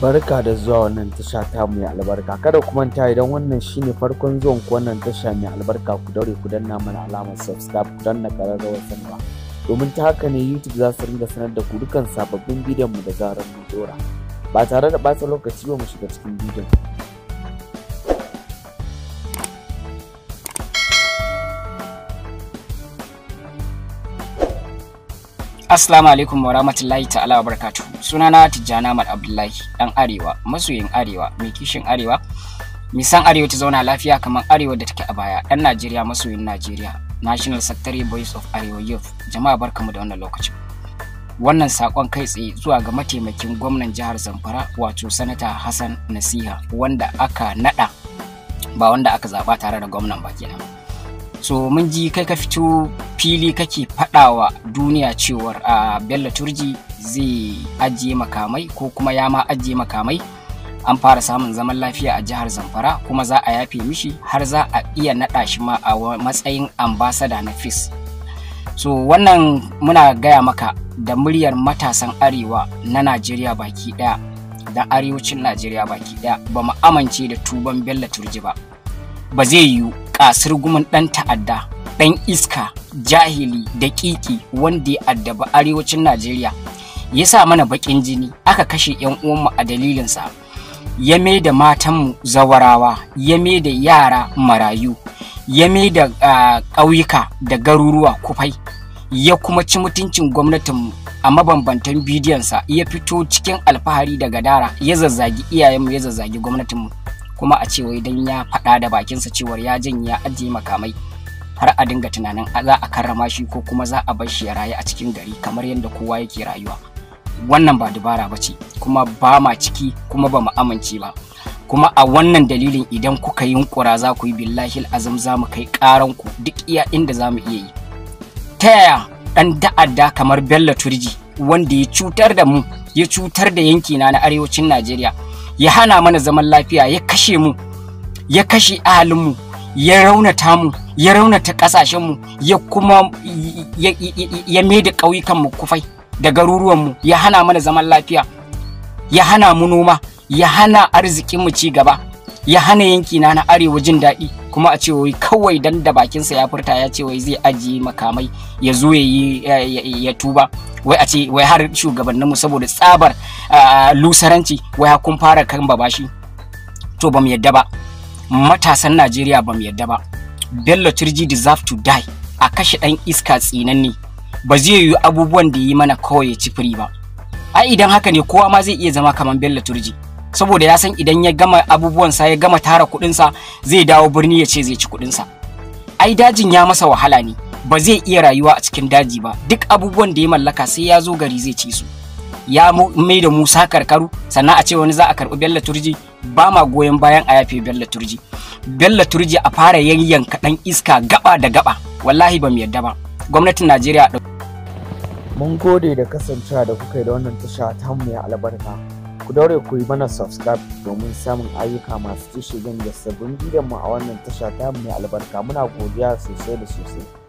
barka da zuwa wannan tasha ta mai albarka kada ku manta idan wannan shine farkon zuwan ku wannan tasha mai albarka ku daure ku danna mana alamar subscribe ku danna kararrawar sanarwa domin ta haka ne youtube za su ringa sanar da ku dukkan sababbin bidiyon mu da zarar mu dora ba tare da ɓata lokaci ba mu shiga cikin bidiyon Assalamu alaikum wa rahmatullahi ta'ala wa barkatu. Sunana Tijjana Mal Abdullahi, Ɗan Arewa, masoyin Arewa, mai kishin Arewa. san Arewa ta zauna lafiya kamar Arewa da take a baya, Ɗan Najeriya masoyin Najeriya. National Secretary boys of Arewa Youth. Jama'a barkamu da wannan lokacin. Wannan sakon kai tsaye zuwa ga mataimakin gwamnan jihar Zamfara wato Sanata Hassan Nasiha wanda aka naɗa ba wanda aka zaɓa tare da gwamnan ba kenan. so mun ji kai ka fito fili kake faɗawa duniya cewar a bello turji zai ajiye makamai ko kuma ya ma ajiye makamai an fara samun zaman lafiya a jihar zamfara kuma za a yafe mishi har za a iya naɗa shi ma a matsayin ambasada na fis so wannan muna gaya maka da muryar matasan arewa na najeriya baki ɗaya da arewacin najeriya baki ɗaya ba mu amince da tuban bello turji ba ba zai yiwu kasir gumin ɗan ta'adda ɗan iska jahili da kiki wanda ya addaba arewacin najeriya ya sa mana baƙin jini aka kashe 'yan uwanmu a dalilinsa ya mai da matanmu zawarawa ya mai da yara marayu ya mai da ƙauyuka da garuruwa kufai ya kuma ci mutuncin gwamnatinmu a mabambantan bidiyonsa ya fito cikin alfahari da gadara ya zazzagi iyayenmu ya zazzagi gwamnatinmu kuma a cewa wai dan ya faɗa da bakinsa cewar ya janye ya ajiye makamai har a dinga tunanin za a karrama shi ko kuma za a bar shi ya rayu a cikin gari kamar yadda kowa yake rayuwa wannan ba dubara ba ce kuma ba ma ciki kuma ba mu amince ba kuma a wannan dalilin idan kuka yunkura za ku yi billahi azam za mu kai karan ku duk iya inda za mu iya yi ta yaya dan da'adda kamar bello turji wanda ya cutar da mu ya cutar da yankina na arewacin najeriya ya hana mana zaman lafiya ya kashe mu ya kashe ahalinmu ya raunata mu ya raunata ƙasashenmu ya kuma ya maida ƙauyukanmu kufai da garuruwanmu ya hana mana zaman lafiya ya hana mu noma ya hana arzikinmu ci gaba ya hana yankina na arewa jin daɗi kuma a ce wai kawai dan da bakinsa ya furta ya ce wai zai ajiye makamai ya zo ya yi ya tuba wai a ce wai har shugabanninmu saboda tsabar lusaranci wai har kun fara kan babashi to bamu yadda ba matasan Najeriya bamu yadda ba Bello Turji deserve to die a kashe dan iska tsinanne ba zai yi abubuwan da yi mana kawai ya ci firi ba ai idan haka ne kowa ma zai iya zama kamar Bello Turji saboda ya san idan ya gama abubuwansa ya gama tara kuɗinsa zai dawo birni ya ce zai ci kuɗinsa ai dajin ya masa wahala ne ba zai iya rayuwa a cikin daji ba duk abubuwan da ya mallaka sai ya zo gari zai ci su ya mai da musa karkaru sannan a ce wani za a karɓi bello turji ba ma goyon bayan a yafe bello turji bello turji a fara yayyanka ɗan iska gaba da gaba wallahi ba mu yarda ba gwamnatin najeriya mun gode da kasancewa da kuka yi da wannan tasha ta mu ya albarka ku daure ku yi mana subscribe domin samun ayyuka masu tushe gan da sabbin bidiyon mu a wannan tasha ta mai albarka muna godiya sosai da sosai